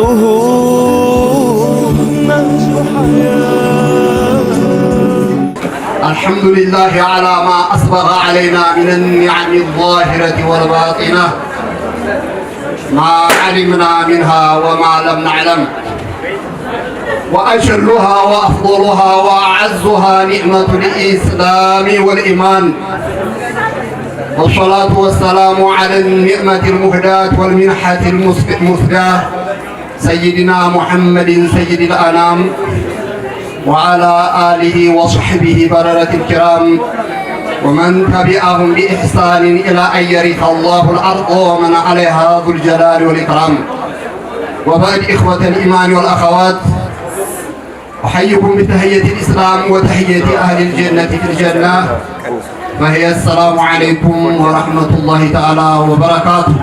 حياته الحمد لله على ما أسبغ علينا من النعم الظاهرة والباطنة ما علمنا منها وما لم نعلم وأجلها وأفضلها وأعزها نعمة الإسلام والإيمان والصلاة والسلام على النعمة المهداة والمنحة المسداة سيدنا محمد سيد الأنام وعلى آله وصحبه بررة الكرام ومن تبعهم بإحسان إلى أن يرث الله الأرض ومن عليها ذو الجلال والإكرام وبعد إخوة الإيمان والأخوات أحييكم بتحية الإسلام وتحية أهل الجنة في الجنة فهي السلام عليكم ورحمة الله تعالى وبركاته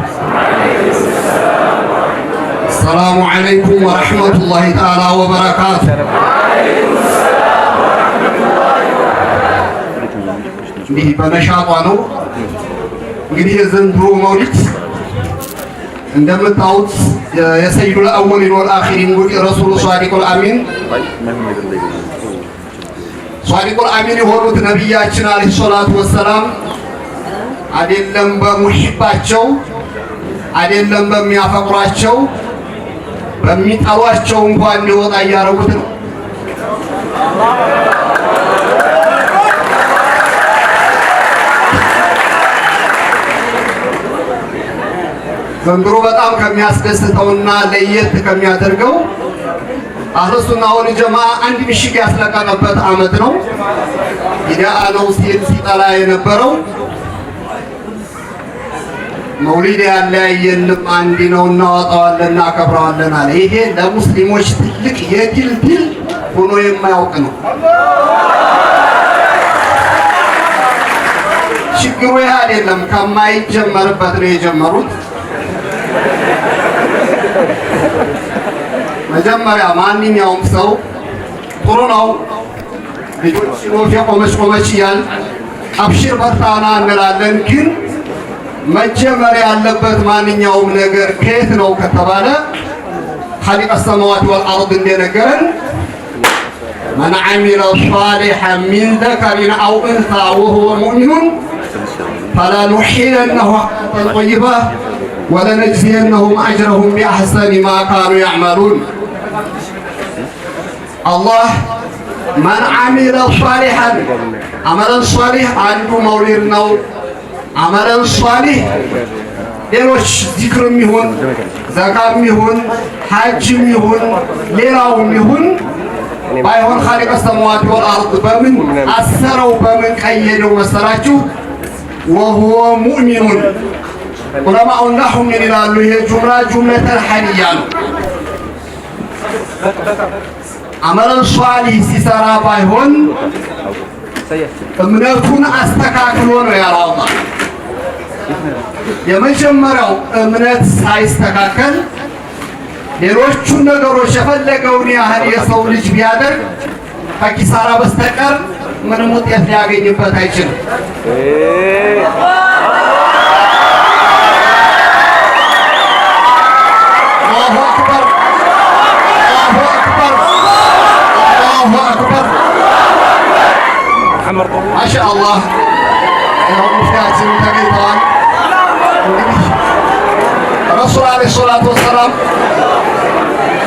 ሰላሙ አለይኩም ወረሕመቱላሂ ተዓላ ወበረካቱ። እንዲህ በነሻጧ ነው እንግዲህ የዘንድሮ መውሊድ እንደምታዩት የሰይዱል አወሊን ወል አኺሪን ረሱሉ ሷዲቁል አሚን ሷዲቁል አሚን የሆኑት ነቢያችን አለይሂ ሰላቱ ወሰላም አይደለም በሙሂባቸው አይደለም በሚያፈቅሯቸው በሚጠሏቸው እንኳን እንዲወጣ እያደረጉት ነው። ዘንድሮ በጣም ከሚያስደስተውና ለየት ከሚያደርገው አህለ ሱና ወል አንድ ምሽግ ያስለቀቀበት ዓመት ነው። ቢድዓ ነው ሲል ሲጠላ የነበረው መውሊድ ያለያየን ልብ አንድ ነው፣ እናወጣዋለን፣ እናከብረዋለን አለ። ይሄ ለሙስሊሞች ትልቅ የድል ድል ሆኖ የማያውቅ ነው። ችግሩ ይህ አይደለም፣ ከማይጀመርበት ነው የጀመሩት። መጀመሪያ ማንኛውም ሰው ጥሩ ነው ልጆች ኖፍ የቆመች ቆመች እያል አብሽር በርታና እንላለን ግን መጀመሪያ ያለበት ማንኛውም ነገር ከየት ነው ከተባለ ኻሊቀ ሰማዋት ወልአርድ እንደነገረን መን ዓሚለ ሷሊሐን ሚን ዘከሪን አው እንሳ ወሁወ ሙእሚኑን ፈለኑሕይነነሁ ሐያተን ጠይባ ወለነጅዚየነሁም አጅረሁም ቢአሕሰኒ ማ ካኑ ያዕመሉን። አላህ መን ዓሚለ ሷሊሐን አመለን ሷሊሕ አንዱ መውሊድ ነው። አመለን ሷሊህ ሌሎች ዚክርም ይሁን ዘካም ይሁን ሐጅም ይሁን ሌላውም ይሁን ባይሆን ኻሊቀ ሰማዋት ወል በምን አሰረው በምን ቀየደው መሰላችሁ? ወሁወ ሙእሚኑን ዑለማኡ ናሁ ምን ይላሉ? ይሄ ጁምላ ጁምለተል ሐዲያ ነው። አመለን ሷሊህ ሲሰራ ባይሆን እምነቱን አስተካክሎ ነው ያለው የመጀመሪያው እምነት ሳይስተካከል ሌሎቹን ነገሮች የፈለገውን ያህል የሰው ልጅ ቢያደርግ ከኪሳራ በስተቀር ምንም ውጤት ሊያገኝበት አይችልም። ማሻአላህ ሙፍቲያችን ተገኝተዋል። እንግዲህ ረሱል ዓለይሂ ሰላቱ ወሰላም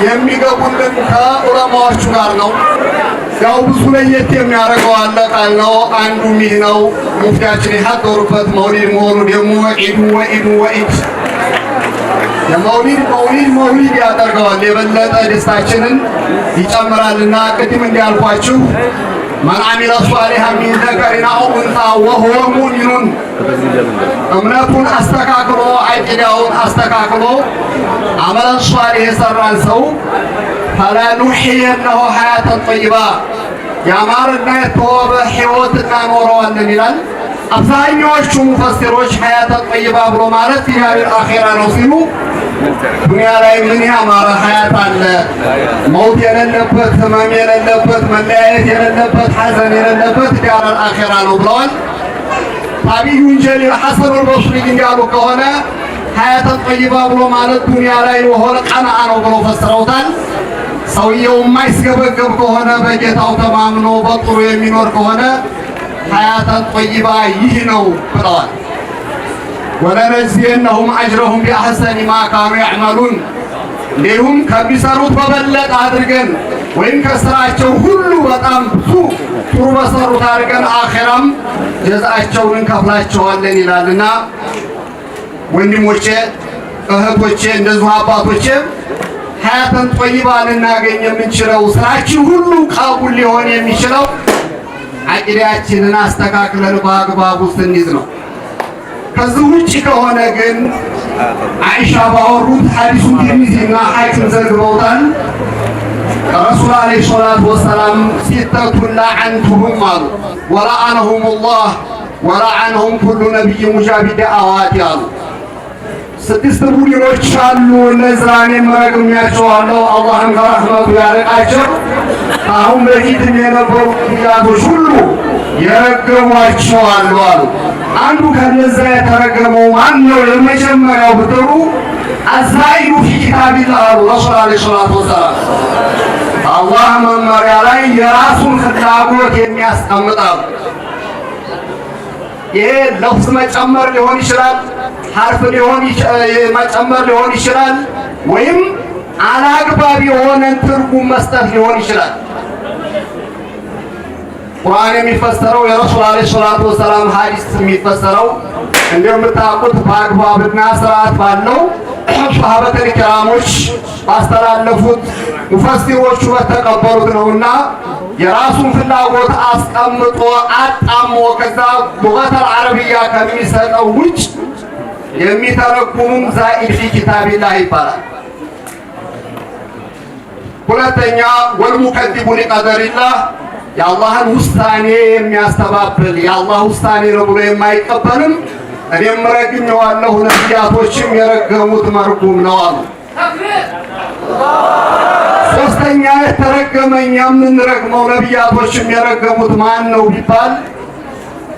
የሚገቡልን ከዑለማዎቹ ጋር ነው። ያው ብዙ ለየት የሚያደርገው አለ ቃል ነው። አንዱ ይህ ነው። ሙፍቲያችን የሀገሩበት መውሊድ መሆኑ ደግሞ ወዒዱ ወዒዱ ወዒድ የመውሊድ መውሊድ መውሊድ ያደርገዋል የበለጠ ደስታችንን ይጨምራልና ቅድም እንዲያልኳችሁ መን አሚለ ሷሊሐን ሚን ዘከሪን አው ኡንሳ ወሁወ ሙእሚኑን እምነቱን አስተካክሎ አቂዳውን አስተካክሎ አመለን ሷሊህ የሰራን ሰው ፈለኑሕየነሁ ሀያተን ጠይባ ያማረና የተዋበ ህይወት እናኖረዋለን ይላል። አብዛኛዎቹ ሙፈሲሮች ሀያተን ጠይባ ብሎ ማለት የአኺራ ነው ሲሉ ዱንያ ላይ ምን ያማረ ሀያት አለ? መውት የሌለበት፣ ህመም የሌለበት፣ መለያየት የሌለበት፣ ሐዘን የሌለበት ዲያረል አኼራ ነው ብለዋል። ታቢዩን ጀሊል ሐሰኑል በስሪ እንዳሉ ከሆነ ሀያተን ጠይባ ብሎ ማለት ዱንያ ላይ የሆነ ቀናአ ነው ብሎ ፈስረውታል። ሰውየው የማይስገበገብ ከሆነ በጌታው ተማምኖ በጥሩ የሚኖር ከሆነ ሀያተን ጠይባ ይህ ነው ብለዋል። ወለነዚየነሁም አጅረሁም ቢአሕሰኒ ማ ካኑ ያዕመሉን እንዲሁም ከሚሰሩት በበለጠ አድርገን ወይም ከስራቸው ሁሉ በጣም ብዙ ጥሩ በሰሩት አድርገን አኼራም ጀዛቸውን እንከፍላቸዋለን ይላልና ወንድሞቼ፣ እህቶቼ እንደዚሁ አባቶቼ ሀያተን ጦይባ ልናገኝ የምንችለው ስራችን ሁሉ ቃቡል ሊሆን የሚችለው አቂዳያችንን አስተካክለን በአግባቡ ስንይዝ ነው። ከዚህ ውጭ ከሆነ ግን አይሻ ባወሩት ሐዲሱን ቲርሚዚና ሐኪም ዘግበውታል። ረሱል ዓለይሂ ሰላቱ ወሰላም ሲተቱን ላዐንቱሁም አሉ ወላአነሁም ላህ ወላአነሁም ኩሉ ነቢይ ሙጃቢደ አዋት አሉ። ስድስት ቡድኖች አሉ። እነዚያን የመረግሚያቸዋለሁ አላህም ከረህመቱ ያርቃቸው። አሁን በፊትም የነበሩ ጉዳቶች ሁሉ የረገሟቸዋሉ አሉ። አንዱ ከነዛ የተረገመው ማን ነው? ለመጀመሪያው ብትሩ አዛይኑ ፊ ኪታቢላ አሉ ረሱል አለ ሰላት ወሰላም አላህ መመሪያ ላይ የራሱን ፍላጎት የሚያስቀምጣሉ። ይሄ ለፍዝ መጨመር ሊሆን ይችላል፣ ሐርፍ መጨመር ሊሆን ይችላል፣ ወይም አላግባብ የሆነን ትርጉም መስጠት ሊሆን ይችላል። ቁርአን የሚፈሰረው የረሱል አለይሂ ሰላቱ ወሰላም ሐዲስ የሚፈሰረው እንደምታውቁት በአግባብና ስርዓት ባለው ሰሐበተል ኪራሞች ባስተላለፉት ሙፈሲሮቹ በተቀበሉት ነውና የራሱን ፍላጎት አስቀምጦ አጣሞ ከዛ ሉገተል ዓረብያ ከሚሰጠው ውጭ የሚተረጉሙም ዛኢድ ፊ ኪታቢላህ ይባላል። ሁለተኛ ወልሙከዚቡ ሊቀደሪላህ የአላህን ውሳኔ የሚያስተባብል የአላህ ውሳኔ ነው ብሎ የማይቀበልም እኔም ረግኘዋለሁ፣ ነቢያቶችም የረገሙት መርጉም ነው አሉ። ሶስተኛ የተረገመኛ እኛ የምንረግመው ነቢያቶችም የረገሙት ማን ነው ቢባል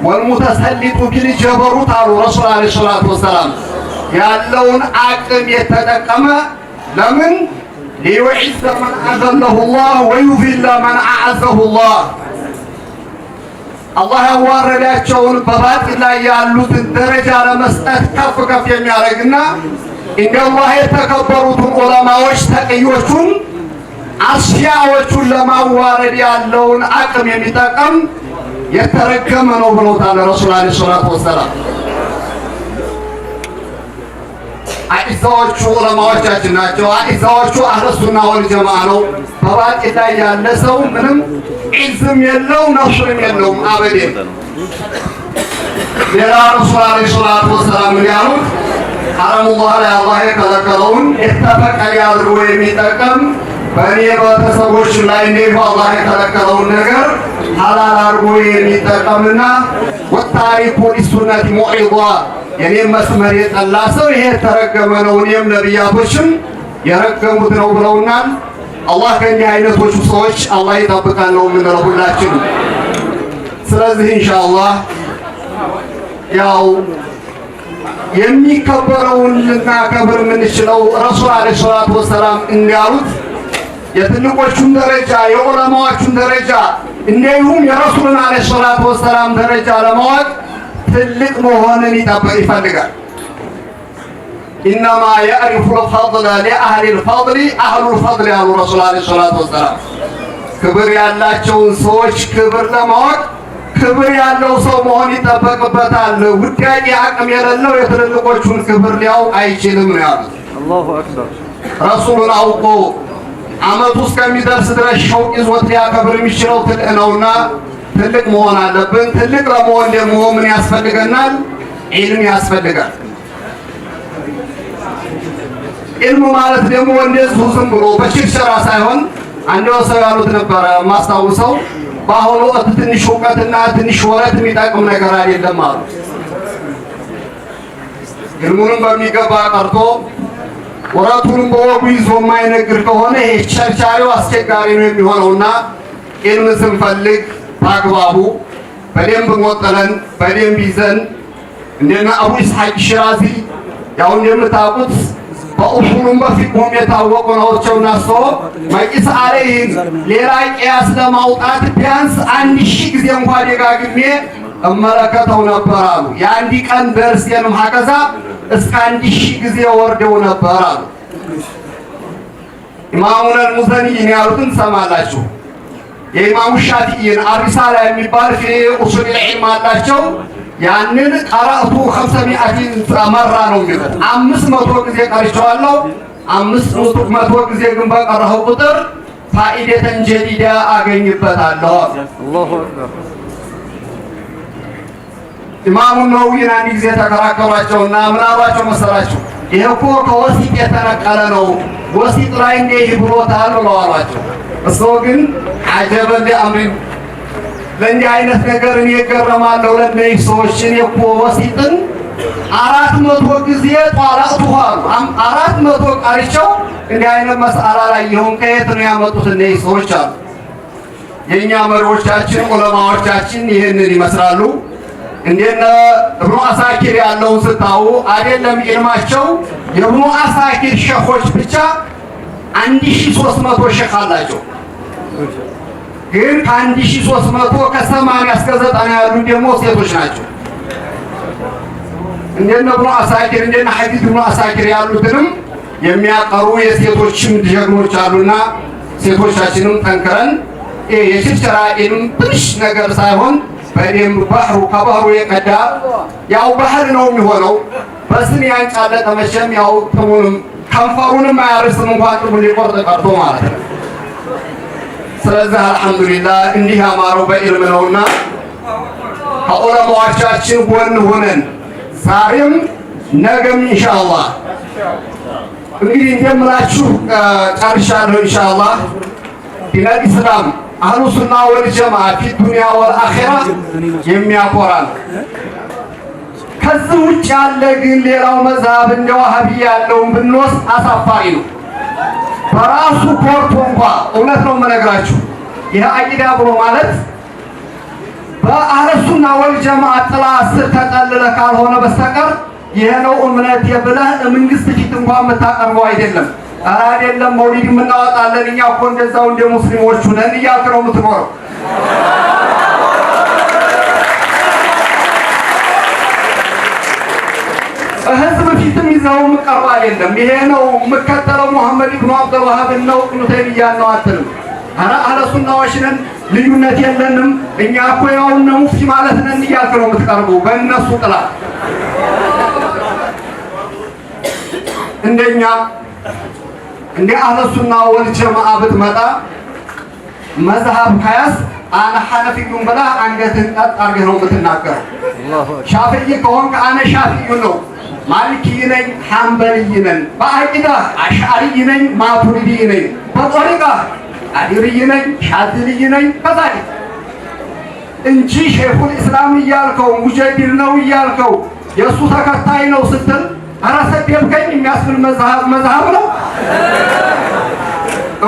ወልሙተሰሊጡ ቢል ጀበሩት አሉ ረሱል ዓለይሂ ሰላቱ ወሰላም ያለውን አቅም የተጠቀመ ለምን ሊዩዒዘ መን አዘለሁ ላህ ወዩዚለ መን አዕዘሁ ላህ አላህ ያዋረዳቸውን በባጢል ላይ ያሉትን ደረጃ ለመስጠት ከፍ ከፍ የሚያደርግና እንደ አላህ የተከበሩትን ዑለማዎች ተቅዮቹን አስያዎቹን ለማዋረድ ያለውን አቅም የሚጠቀም የተረገመ ነው ብለውታል ረሱል ዓለይሂ ሰላቱ ወሰላም። አቂሳዎቹ ዑለማዎቻችን ናቸው። አቂሳዎቹ አህለሱና ወልጀማ ነው። በባቂ ላይ ያለ ሰው ምንም ዒዝም የለውም ነሱንም የለውም አበዴ ሌላ ረሱል ዓለይሂ ሰላቱ ወሰላም ምን ያሉት ሐረሙላህ ላይ አላህ የከለከለውን የተፈቀደ አድርጎ የሚጠቀም በእኔ በተሰቦች ላይ እንዲሁ አላህ የከለከለውን ነገር ሐላል አድርጎ የሚጠቀምና ወታሪኩ ሊሱነት ሙዒዷ የኔም መስመር የጠላ ሰው ይሄ የተረገመ ነው፣ እኔም ነቢያቶችም የረገሙት ነው ብለውናል። አላህ ከኛ አይነቶቹ ሰዎች አላህ ይጠብቃል ነው የምንለው ሁላችን። ስለዚህ ኢንሻአላህ ያው የሚከበረውን ልናከብር የምንችለው ረሱል አለይሂ ሰላቱ ወሰላም እንዳሉት የትልቆቹን ደረጃ የዑለማዎቹን ደረጃ እንዲሁም የረሱልን አለይሂ ሰላቱ ወሰላም ደረጃ ለማወቅ ትልቅ መሆንን ይፈልጋል። ኢነማ የዕሪፉል ፈድለ ሊአህሊል ፈድሊ አህሉል ፈድሊ አሉ ረሱል ዓለይሂ ሰላቱ ወሰላም። ክብር ያላቸውን ሰዎች ክብር ለማወቅ ክብር ያለው ሰው መሆን ይጠበቅበታል። ውዳቂ አቅም የሌለው የትልልቆቹን ክብር ሊያውቅ አይችልም ነው ያሉት። ረሱሉን አውቆ አመቱ እስከሚደርስ ድረስ ሸውቅ ይዞት ሊያከብር የሚችለው ትልቅ ነውና ትልቅ መሆን አለብን። ትልቅ ለመሆን ደግሞ ምን ያስፈልገናል? ዒልም ያስፈልጋል። ዒልም ማለት ደግሞ እንደዚሁ ዝም ብሎ በሽርሸራ ሳይሆን አንደው ሰው ያሉት ነበረ ማስታውሰው በአሁኑ ወቅት ትንሽ እውቀትና ትንሽ ወረት የሚጠቅም ነገር አይደለም አሉ። ዒልሙንም በሚገባ ቀርቶ ወረቱንም በወጉ ይዞ የማይነግር ከሆነ ይሄ ቸርቻሪው አስቸጋሪ ነው የሚሆነውና ዒልም ስንፈልግ በአግባቡ በደንብ ሞጠረን በደንብ ይዘን እንደና አቡ ኢስሐቅ ሽራዚ ያው እንደምታውቁት በኡሱሉም በፊቅሁም የታወቁ ናቸውና ሰው መቂስ አለይን ሌላ ቅያስ ለማውጣት ቢያንስ አንድ ሺህ ጊዜ እንኳን ደጋግሜ እመለከተው ነበር አሉ። የአንድ ቀን ደርሴንም ሀከዛ እስከ አንድ ሺህ ጊዜ ወርደው ነበር አሉ። ኢማሙን አልሙዘኒ ያሉትን ትሰማላችሁ። የኢማሙ ሻፊዒን አሪሳላ የሚባል ፊ ኡሱል ዒልም አላቸው። ያንን ቀራእቱ ከምሰ ሚአቲን መራ ነው የሚሉት። አምስት መቶ ጊዜ ቀርቸዋለሁ። አምስት መቶ ጊዜ ግን በቀረኸው ቁጥር ፋኢደተን ጀዲዳ አገኝበታለሁ። ኢማሙ ነውዊን አንድ ጊዜ ተከራከሯቸውና ምን አሏቸው መሰላችሁ? ይህ እኮ ከወሲጥ የተነቀለ ነው። ወሲጥ ላይ እንዲህ ብሎታል ብለው አሏቸው እሱ ግን አጀበል አምሪን ለእንዲህ አይነት ነገር እኔ እገረማለሁ። ለእነዚህ ሰዎች እኔ እኮ ወሲጥን አራት መቶ ጊዜ ጧላቅቱ አሉ። አራት መቶ ቃሪቸው እንዲህ አይነት መስአላ አላየሁም። ከየት ነው ያመጡት እነዚህ ሰዎች አሉ። የእኛ መሪዎቻችን ዑለማዎቻችን ይህንን ይመስላሉ። እንደነ እብኑ አሳኪር ያለውን ስታዩ አይደለም ኢልማቸው የእብኑ አሳኪር ሸኾች ብቻ አንድ ሺህ ሦስት መቶ ሼክ አላቸው። ግን ከአንድ ሺህ ሦስት መቶ ከሰማንያ እስከ ዘጠና ያሉ ደግሞ ሴቶች ናቸው። እንደነ ብሎ አሳኪር እንደነ ሐዲድ ብሎ አሳኪር ያሉትንም የሚያቀሩ የሴቶችም ጀግኖች አሉና ሴቶቻችንም ጠንክረን የችፍችራ ኢልም ትንሽ ነገር ሳይሆን በደም ባህሩ ከባህሩ የቀዳ ያው ባህር ነው የሚሆነው። በስም ያንጫለ መቼም ያው ጥሙንም ከንፈሩንም አያርስም እንኳን ጥቡ ሊቆርጥ ቀርቶ ማለት ነው። ስለዚህ አልሐምዱሊላህ እንዲህ ያማረው በዕልም ነውና ከዑለማዎቻችን ጎን ሆነን ዛሬም ነገም ኢንሻአላህ እንግዲህ እንደምላችሁ ጨርሻለሁ። ኢንሻአላህ ዲነል ኢስላም አህሉ ሱና ወል ጀማዓ ፊ ዱንያ ወል አኺራ የሚያኮራል ከዚህ ውጭ ያለ ግን ሌላው መዝሀብ እንደ ዋህብያ ያለውን ብንወስድ አሳፋሪ ነው። በራሱ ኮርቶ እንኳ እውነት ነው የምነግራችሁ። ይህ አቂዳ ብሎ ማለት በአህለሱና ወልጀማ ጥላ ስር ተጠልለ ካልሆነ በስተቀር ይህ ነው እምነት የብለህ መንግስት ፊት እንኳን የምታቀርበው አይደለም። ኧረ አይደለም መውሊድ የምናወጣለን እኛ እኮ እንደዛው እንደ ሙስሊሞቹ ነን እያልክ ነው የምትኖረው። ህዝብ ፊትም ይዘው የምቀርብ አይደለም። ይሄ ነው የምከተለው ሙሐመድ ብኑ አብደልዋሃብን ነው ኢብኑ ተይሚያን አትልም። ኧረ አህለሱናዎች ነን፣ ልዩነት የለንም እኛ እኮ ያው እነ ሙፍቲ ማለት ነን እያልክ ነው የምትቀርቡ በእነሱ ጥላ እንደኛ እንደ አለሱና ወልጀማዓ ብትመጣ መዝሀብ ከያዝ አነ ሐነፊዩን ብላ አንገትህን ቀጥ አድርገህ ነው የምትናገረው። ሻፍይ ከሆንክ አነ ሻፍዩ ነው ማልኪይ ነኝ፣ ሐንበልይ ነኝ፣ በአቂዳ አሽዓሪይ ነኝ፣ ማቱሪዲይ ነኝ፣ በጦሪቃ አዲርይ ነኝ፣ ሻድልይ ነኝ። ከዛይ እንጂ ሼኹል ኢስላም እያልከው ሙጀዲድ ነው እያልከው የእሱ ተከታይ ነው ስትል ኧረ ሰደብከኝ የሚያስብል መዝሀብ ነው።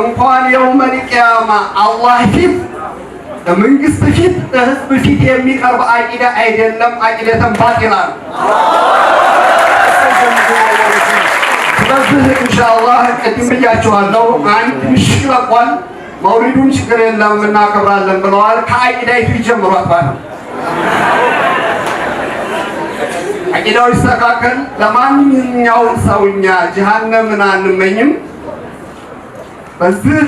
እንኳን የውመል ቂያማ አላህ ፊት በመንግስት ፊት ለህዝብ ፊት የሚቀርብ አቂዳ አይደለም። አቂደተን ባጢላ ነው። ስለዚህ ኢንሻአላህ ቅድም ብያችኋለሁ፣ አንድ ምሽግ ለቋል። መውሊዱን ችግር የለም እናከብራለን ብለዋል። ከአቂዳ ፊት ጀምሮ አባል አቂዳው ይስተካከል። ለማንኛውም ሰውኛ ጀሃነምን አንመኝም። በዚህ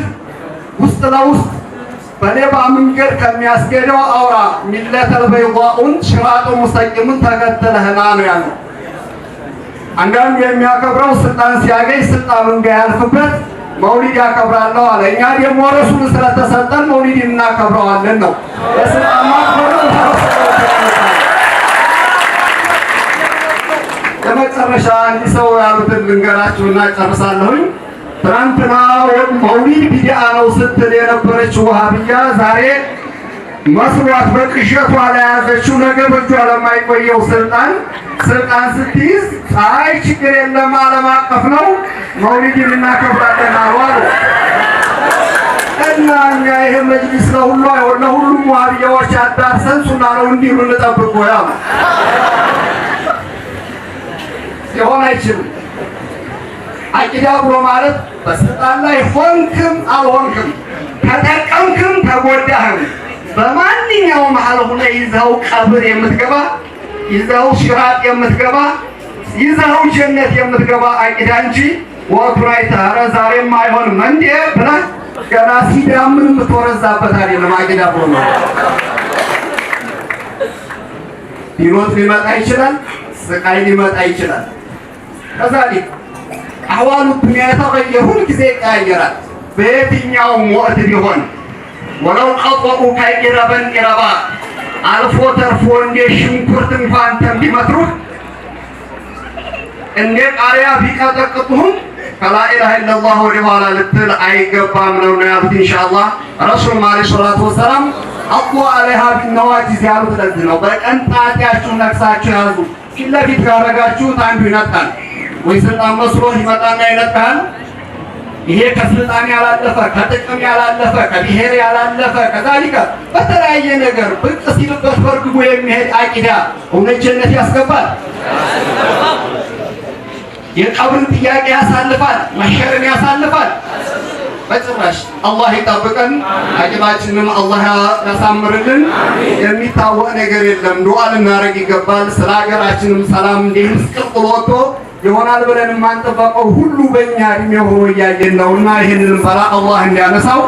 ውስጥ ለውስጥ በሌባ መንገድ ከሚያስኬደው አውራ ሚለተል በይዳኡን ሲራጡ ሙስተቂሙን ተከትለህና ነው ያለው። አንዳንዱ የሚያከብረው ስልጣን ሲያገኝ ስልጣኑን እንዳያልፍበት መውሊድ ያከብራለሁ አለ። እኛ ደግሞ ረሱሉን ስለተሰጠን መውሊድ እናከብረዋለን ነው። ለመጨረሻ እንዲህ ሰው ያሉትን ልንገራችሁና ጨርሳለሁኝ። ትናንትና መውሊድ ቢዲአ ነው ስትል የነበረች ውሃብያ ዛሬ መስሏት በቅዠቷ ያዘችው ነገ በእጇ ለማይቆየው ስልጣን ስልጣን ስትይዝ ፀሐይ ችግር የለም ዓለም አቀፍ ነው መውሊድ እናከብራለን አሉ አሉ። እና እኛ ይህ መጅሊስ ለሁሉ አይሆን ለሁሉም ውሃብያዎች አዳርሰን ሱና ነው እንዲሉ እንጠብቅ ያሉ ሊሆን አይችልም። አቂዳ ብሎ ማለት በስልጣን ላይ ሆንክም አልሆንክም፣ ተጠቀምክም ተጎዳህም፣ በማንኛውም መሀል ሁነ ይዛው ቀብር የምትገባ ይዘኸው ሽራጥ የምትገባ ይዘኸው ጀነት የምትገባ አቂዳ እንጂ ወኩራይታ ኧረ ዛሬም አይሆንም እንዴ ብላ ገና ሲዳምን የምትወረዛበት አይደለም። አቂዳ ብሎ ነው ቢሮት ሊመጣ ይችላል፣ ስቃይ ሊመጣ ይችላል። ከዛ አዋሉ ሁኔታው የሁል ጊዜ ይቀያየራል። በየትኛውም ወቅት ቢሆን ወለው ቀጠቁ ከኢረበን ኢረባ አልፎ ተርፎ እንደ ሽንኩርት እንኳን ተን ቢመትሩህ እንደ ቃሪያ ቢቀጠቅጡህም ከላኢላሃ ኢለላህ ወደ ኋላ ልትል አይገባም ነው ነው ያሉት። ኢንሻአላህ ረሱል ዓለይሂ ሰላቱ ወሰላም አቁ አለይሃ ቢነዋጂዝ ያሉት ለዚህ ነው። በቀን ጣቲያችሁ ነክሳችሁ ያዙ። ፊት ለፊት ካረጋችሁት አንዱ ይነጣል። ወይ ስልጣን መስሎ ይመጣና ይነጥቃል። ይሄ ከስልጣን ያላለፈ ከጥቅም ያላለፈ ከብሔር ያላለፈ ከዛሊከ በተለያየ ነገር ብቅ ሲልበት በርግቦ የሚሄድ አቂዳ እውነት ጀነት ያስገባል። የቀብርን ጥያቄ ያሳልፋል። መሸርን ያሳልፋል። በጭራሽ አላህ ይጠብቀን። አቂባችንም አላህ ያሳምርልን። የሚታወቅ ነገር የለም። ዱዓ ልናደርግ ይገባል። ስለ ሀገራችንም ሰላም እንዲህ ምስቅልቅል ወጥቶ ይሆናል ብለን የማንጠበቀው ሁሉ በእኛ እድሜ ሆኖ እያየን ነውና ይህንንም ፈላ አላህ እንዲያነሳው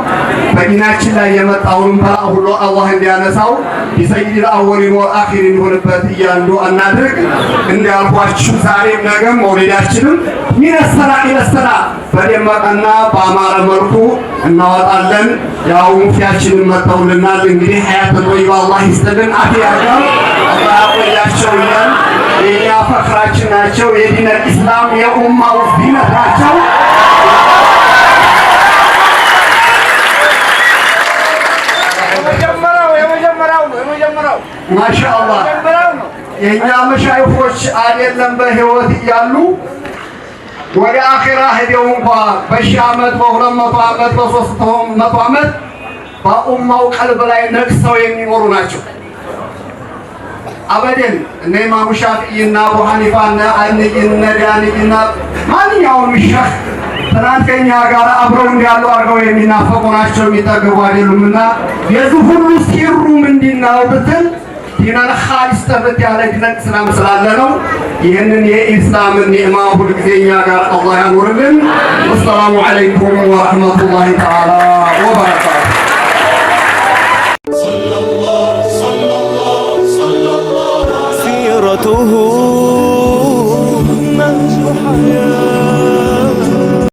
በዲናችን ላይ የመጣውንም ፈላ ሁሉ አላህ እንዲያነሳው የሰይድ አወሊን ወአኺር እንዲሆንበት እያንዱ እናድርግ። እንዲያልኳችሁ ዛሬም ነገም መውሊዳችንም ሚነሰላ ኢለሰላ በደመቀና በአማረ መልኩ እናወጣለን። ያው ሙፍቲያችንን መጥተውልናል። እንግዲህ ሀያት ጠይባ አላህ ይስጥልን። አፍያ ያቆያቸው እያል የኛ ፈክራችን ናቸው። የዲነል ኢስላም የኡማው ዚነት ናቸው። ማሻአላህ የእኛ መሻይፎች አይደለም በህይወት እያሉ ወደ አኼራ ሄደው እንኳ በሺህ ዓመት በሁለት መቶ ዓመት በሶስት መቶ ዓመት በኡማው ቀልብ ላይ ነግሰው የሚኖሩ ናቸው። አበደን እነ ኢማሙ ሻፍዒና አቡ ሐኒፋና አንይን ነዳንይና ማንኛውም ሸህ ትናንት ከኛ ጋር አብረው እንዳሉ አድርገው የሚናፈቁ ናቸው፣ የሚጠግቡ አይደሉም። የዚህ ሁሉ ሲሩ ምንድነው ብትል ዲናል ኻሊስ ጥርት ያለ ድነቅ ስላም ስላለ ነው። ይህንን የኢስላምን ኒዕማ ሁል ጊዜ እኛ ጋር አላህ ያኑርልን። ወሰላሙ ዓለይኩም ወረሕመቱላሂ ተዓላ ወበረካቱ तो हो